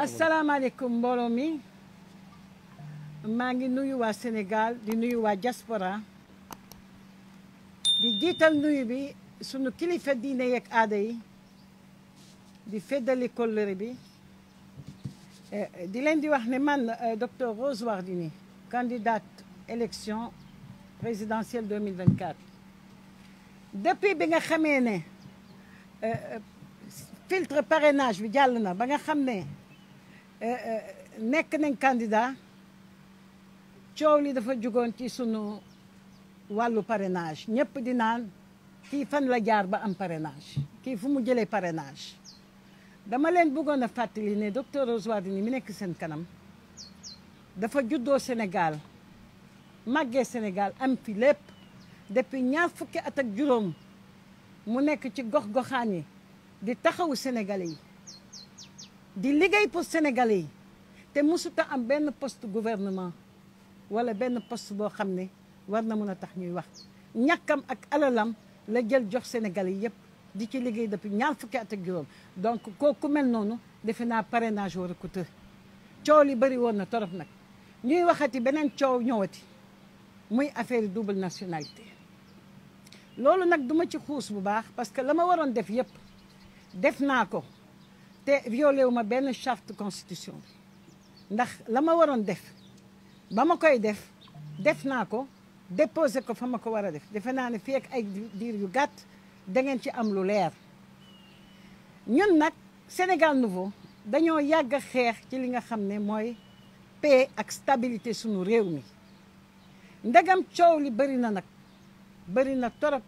Assalamu mbooloo mi Mangi nuyu wa Sénégal di nuyu wa diaspora di jiital nuyu bi sunu kilifa diine yak aada di feddali kóllëre bi eh, di lendi wax ne man eh, docteur Rose Wardini candidate élection présidentielle 2024 depuis bi nga eh, filtre parrainage bi jàll ba nga Eh, eh, nekk nañ candidat coow li dafa jugoon ci sunu wàllu parenage ñëpp di naan kii fan la jaar ba am parrainage kii fu mu jëlee parrainage dama leen bëggoon a fàttali ne docteur Rose Wardini mu nekk seen kanam dafa juddoo Sénégal màggee Sénégal am fi lépp depuis ñaar fukki at ak juróom mu nekk ci gox-goxaan yi di taxawu Sénégalais yi di liggéey pour sénégalais yi te musuta am benn post gouvernement wala benn post boo xam ne war na mun a tax ñuy wax ñàkkam ak alalam la jël jox sénégalais yëpp di ci liggéey depuis ñaar fukki at ak juróom donc kooku mel noonu defe naa parrainage war ko tër coow li bëri woon na torop nag ñuy waxati beneen coow ñëwati muy affaire double nationalité loolu nag duma ci xuus bu baax parce que la ma waroon def yëpp def naa ko te violé ma benn charte constitution bi ndax la ma waroon def ba ma koy def def naa ko déposé ko fa ma ko war a def defe naa ne fii ak diir yu gàtt da ngeen ci am lu leer ñun nag Sénégal nouveau dañoo yàgg xeex ci li nga xam ne mooy paix ak stabilité sunu réew mi ndegam coow li bëri na nag bëri na torop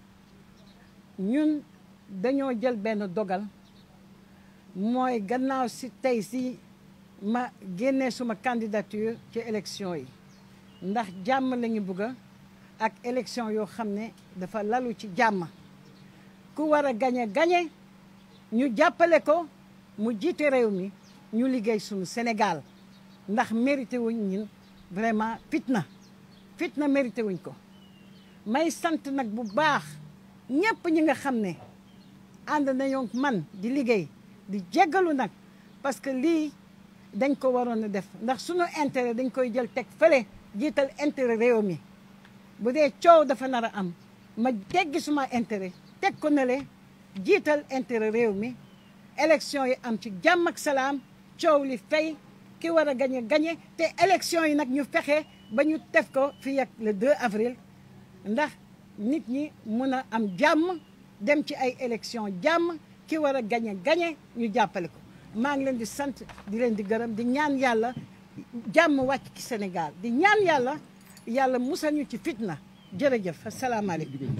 ñun dañoo jël benn dogal moi gannaaw si tay si ma suma candidature ci élection yi ndax jamm la ñu ak élection yo xamné dafa lalu ci jamm ku ñu ko mu jité réew ñu liggéey Sénégal ndax mérité vraiment fitna fitna mérité wuñ ko may bu baax ñepp ñi nga parce que lui dañ ko warone def ndax suñu intérêt dañ koy jël teg félé jital intérêt réwmi mi bu dee coow dafa nar am ma suma intérêt teg ko ne jital intérêt réwmi élection yi am ci jàmm ak salam coow li fay ki wara a gagné té élection yi nak ñu fexé ba ñu def ko fi ak le 2 avril ndax nit ñi mëna am jàmm dem ci ay élection jàmm ki war a gañe gañe ñu jàppale ko maa ngi leen di sant di leen di gërëm di ñaan yàlla jàmm wàcc ci Sénégal di ñaan yàlla yàlla musal ñu ci fitna jërëjëf asalaamaaleykum.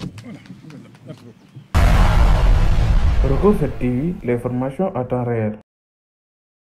Roco 7 TV l'information à temps réel.